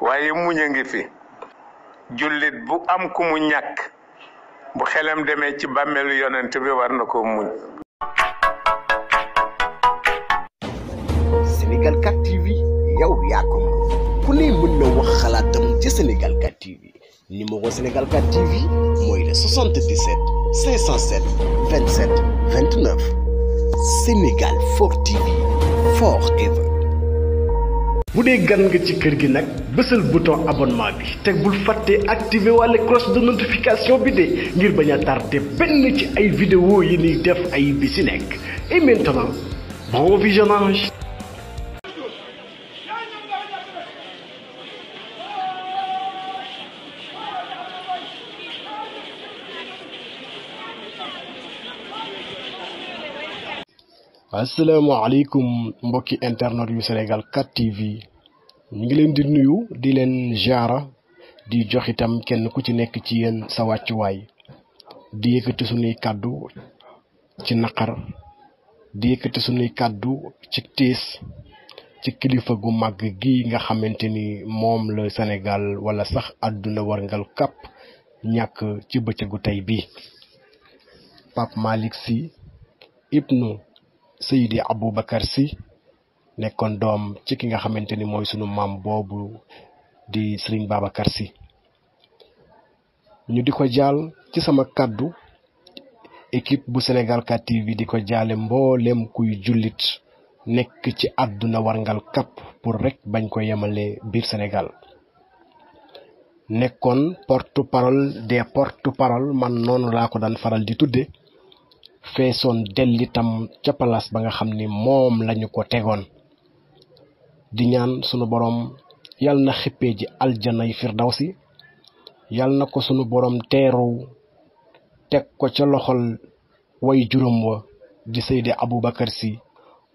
waaye muñ a ngi fi jullit bu am ku mu ñàkk bu xelam demee ci bàmmeelu yonent bi war na ko muñ Sénégal 4 TV yow yaa ko ku ne mën na wax xalaatam ci Sénégal 4 TV numéro Sénégal 4 TV mooy le 77 507 27 29 Sénégal 4 TV forever bu dee gan nga ci kër gi nag bésal bouton abonnement bi teg bul fàtte activé walla cloche de notification bi de ngir bañ a tardé benn ci ay vidéo yi ni def ay bi ci nekk et maintenant bon visionnage Assalamualaikum, mbokki internet yu Senegal 4 TV ñi ngi leen di nuyu di leen jaara di jox itam kenn ku ci nekk ci yeen sa wàccuwaay di yëkkati sunuy kàddu ci naqar di yëkkati kàddu ci tiis ci kilifa gu mag gi nga xamante ni moom la wala sax àdduna warngal kàpp ñàkk ci bëccëgu tey bi Pap malik si ibnu seydi abubakar si nekkoon doom ci ki nga xamante ni mooy sunu maam boobu di sëriñ babakar si ñu di ko jaal ci sama kaddu équipe bu sénégal ka tv di ko jaale mboolem kuy jullit nekk ci àdduna warngal kap pour rek bañ ko yemale biir sénégal nekkoon porte parole des porte parole man noonu laa ko daan faral di tudde feesoon dell itam ca palaas ba nga xam ni moom lañu ko tegoon di ñaan sunu boroom yal na xippee ji aljana yi si yal na ko sunu boroom teeru teg ko ca loxol way juróom wa di Seydi Aboubacar si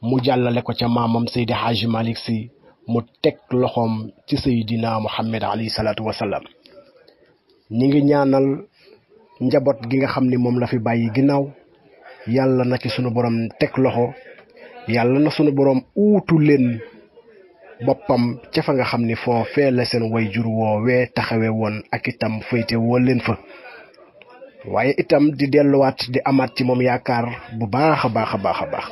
mu jàllale ko ca maamam Seydi Hadji Malick Sy mu teg loxoom ci Seydina Muhammad alayhi salaatu wasalaam ñi ngi ñaanal njaboot gi nga xam ni moom la fi bàyyi ginnaaw yàlla na ci sunu borom teg loxo yàlla na sunu boroom uutu leen boppam ca nga xam ni foofee la seen way jur woowee taxawe woon ak itam fayte woo leen fa waaye itam di delluwaat di amaat ci moom yaakaar bu baax a baax a baax a baax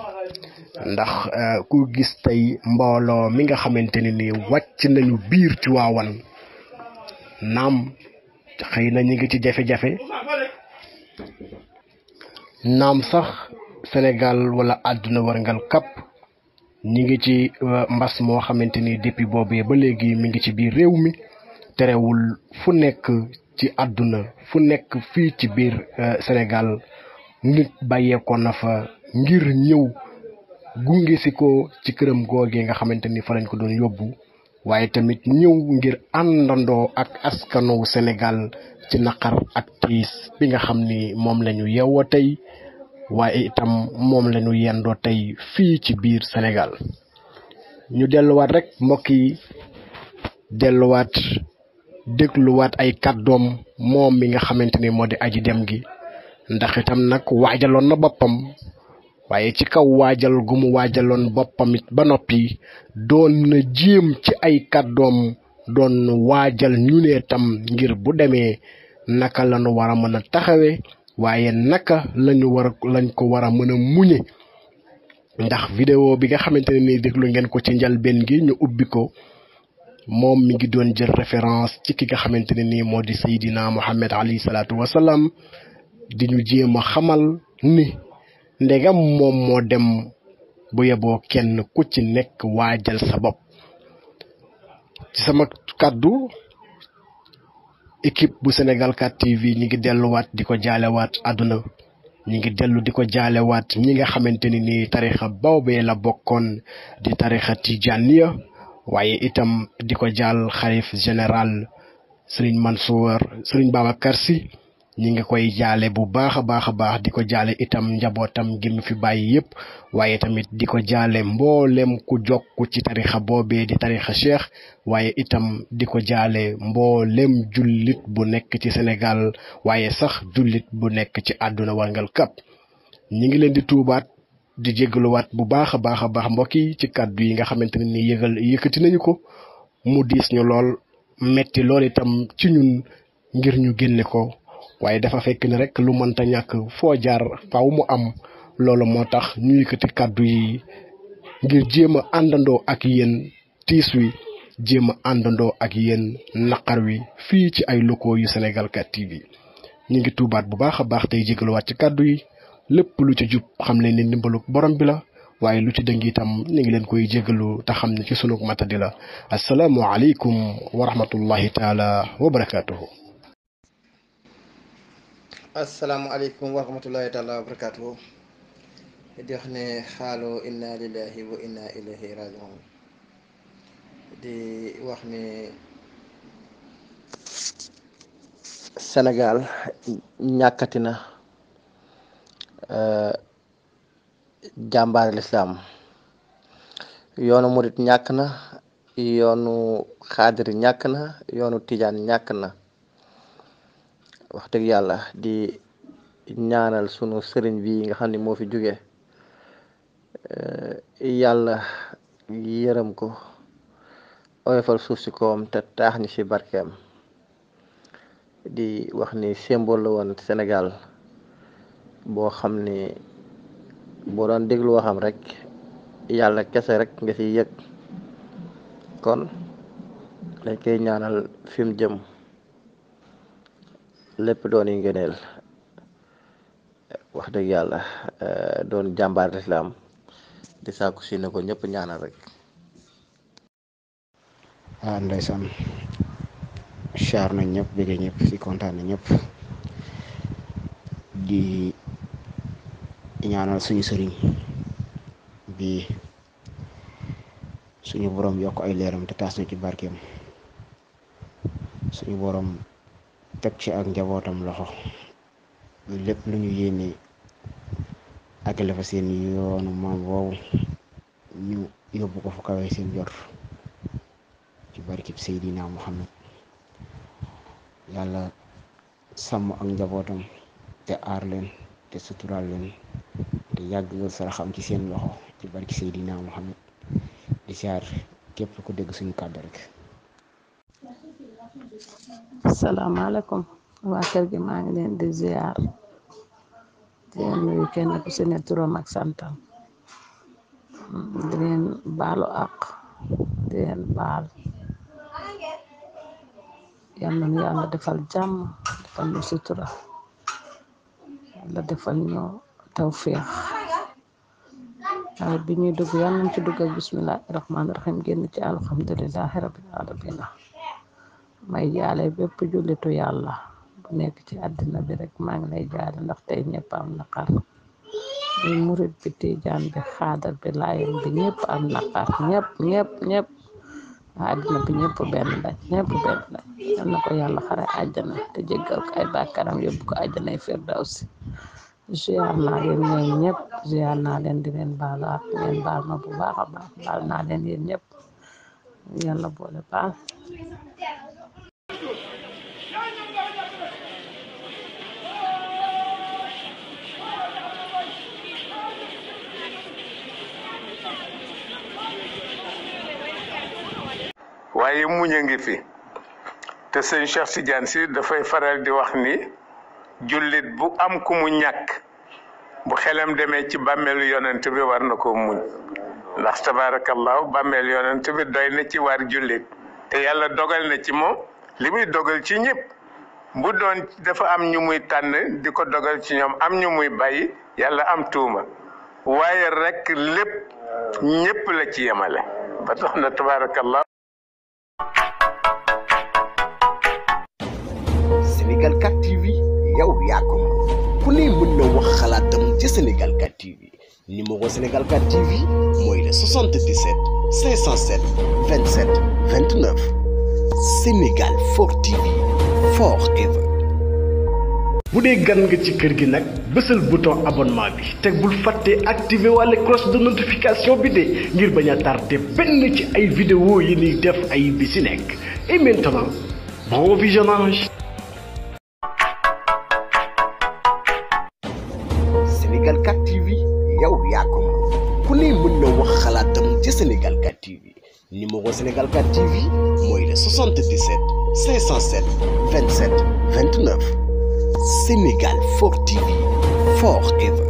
ndax eh, ku gis tey mbooloo mi nga xamante ni nii wàcc nañu biir ci waawan naam xëy na ñu ngi ci jafe-jafe naam sax Sénégal wala àdduna wërngal kàpp ñi ngi ci euh, mbas moo xamante ni depuis boobee ba léegi mi ngi ci biir réew mi terewul fu nekk ci àdduna fu nekk fii ci biir euh, Sénégal nit bàyyeekoon na fa ngir ñëw gu gunge si ko ci këram googee nga xamante ni fa lañ ko doon yóbbu waye tamit ñew ngir andando ak askanu senegal ci naqar ak tis bi nga xamni mom lañu yeewoo tay waye itam mom lañu yendo tay fi ci biir senegal ñu wat rek mbokk yi deglu wat ay kaddom mom mi nga xamanteni modi aji dem gi ndax itam nak wajalon na bopam waaye ci kaw waajal gu mu waajaloon boppam ba noppi doon na jéem ci ay kàddoom doon waajal ñu ne tam ngir bu demee naka lañu war a mën a taxawee waaye naka lañu war lañ ko war a mën a muñe ndax vidéo bi nga xamante ne ni déglu ngeen ko ci njalbeen gi ñu ubbi ko moom mi ngi doon jël référence ci ki nga xamante ne nii moo di Seydina Muhammad alayhi salaatu wasalaam di ñu jéem a xamal ni ndegam moom moo dem bu yeboo kenn ku ci nekk waajal sa bopp ci sama kàddu équipe bu Sénégal 4 TV ñi ngi delluwaat di ko jaalewaat àdduna ñi ngi dellu di ko jaalewaat ñi nga xamante ni nii tarixa boobee la bokkoon di tarixa Tijaaniya waaye itam di ko jaal xalif général Serigne Mansour Serigne Babacar Sy ñu ngi koy jaale bu baax a baax a baax di ko jaale itam njabootam gi mu fi bàyyi yépp waaye tamit di ko jaale mboolem ku jokk ci tarixa boobee di tarixa cheikh waaye itam di ko jaale mboolem jullit bu nekk ci senegal waaye sax jullit bu nekk ci àdduna warngal kap ñi ngi leen di tuubaat di jéggaluwaat bu baax a baax a baax mbokk yi ci kàddu yi nga xamante ne ni yëkkati nañu ko mu diis ñu lool metti lool itam ci ñun ngir ñu génne ko waye dafa fekk ni rek lu mënta ñak fo jaar faaw mu am lolu motax tax ñu yëkkati kàddu yi ngir jema andando ak yeen tiis wi jema andando ak yeen naqar wi fi ci ay loko yu senegal 4 TV ñi ngi tuubaat bu baaxa baax tay jéggal wacc kaddu yi lepp lu ci jup xam leen ni borom bi la waye lu ci dëng itam ñi ngi leen koy jéggalu ta xam ni ci sunu di la alaykum wa rahmatullahi taala wa barakatuh asalaamualeykum wa rahmatullahi taala wa di wax ne inna lillahi wa inna ilayhi rajiun di wax Sénégal ñàkkati na euh, jàmbaari lislaam yoonu murit ñàkk na yoonu xaadir ñàkk na yoonu tiijaan ñàkk na wax dëgg yàlla di ñaanal sunu sëriñ bi nga xam ne moo fi jóge eh, yàlla yërëm ko oyofal suuf si koom te taax ñi ci barkeem di wax ni symbole la woon Sénégal boo xam ni boo doon déglu waxam rek yàlla kese rek nga ci yëg kon dañ koy ñaanal fi mu jëm lepp doon yi ngëneel wax dëgg yàlla eh, doon jàmbaar lislaam di sàkku si ne ko ñëpp ñaanal rek waaw ah, ndeysaan char nañ ñëpp bégee ñëpp si kontaan na di ñaanal suñu sëriñ bi suñu borom yokk ay leeram te taas na ci barkeem suñu borom teg ci ak njabootam loxo lépp lu ñu yéene àggale fa seen yoonu maam woowu ñu yóbbu ko fu kawee seen jor ci barkib Seydina Muhammad yàlla sàmm ak njabootam te aar leen te suturaal leen te yàggal saraxam ci seen loxo ci barki Seydina Muhammad di siyaar képp ku dégg suñu kàddu rek salaamaaleykum waa kër gi maa ngi leen di ziar di leen nuyu kenn ku si ne turam ak santam di leen baalu ak di leen baal yal na yàlla defal jàmm defal ñu sutura yàlla defal ñu tawféex nawet bi ñuy dugg yal nañ ci dugg ak bismillahi rahmaani rahim génn ci alhamdulillahi rabbil alamin may jaale bépp jullitu yàlla bu nekk ci àddina bi rek maa ngi lay jaale ndax tey ñepp am naqar muy murit bi tiijaan bi xaadar bi laayam bi ñepp am naqar ñepp ñepp ñëpp àddina bi ñepp benn la ñepp benn la yal na ko yàlla xare àjjana te jéggal ko ay bàkkaram yóbbu ko àjjanay firdawsi ziar na leen ñeen ñepp ziar naa leen di leen baalu ak ngeen baal ma bu baaxa baax baal naa leen yeen ñepp yalla boole baal waaye muñ a ngi fi te sëñ Cheikh Tidiane si dafay faral di wax ni jullit bu am ku mu ñàkk bu xelam demee ci bàmmeelu yonent bi war na ko muñ ndax tabaarakallaahu bàmmeelu yonent bi doy na ci war jullit te yàlla dogal na ci moom li muy dogal ci ñëpp bu doon dafa am ñu muy tànn di ko dogal ci ñoom am ñu muy bàyyi yàlla am tuuma waaye rekk lépp ñëpp la ci yemale ba tax na tabaarakallaahu Sénégal 4 TV yow yaa ko ku ne mën na wax xalaatam ci Sénégal 4 TV numéro Sénégal 4 TV moy le 77 507 27 29 Sénégal 4 TV forever. bu dee gan nga ci kër gi nag bésal bouton abonnement bi teg bul fàttee activé walla cloche de notification bi de ngir bañ a tardé benn ci ay vidéo yi ni def ay bi si et maintenant bon visionnage Sénégal 4 TV il est 77 507 27 29 Sénégal 4 TV forever.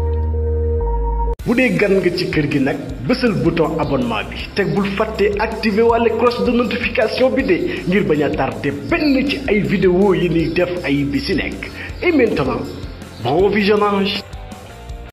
bu dee gan nga ci kër gi nag bésal bouton abonnement bi teg bul activer activé cloche de notification bi pouvez ngir bañ tardé benn ci ay vidéo yi ni def et maintenant bon visionnage.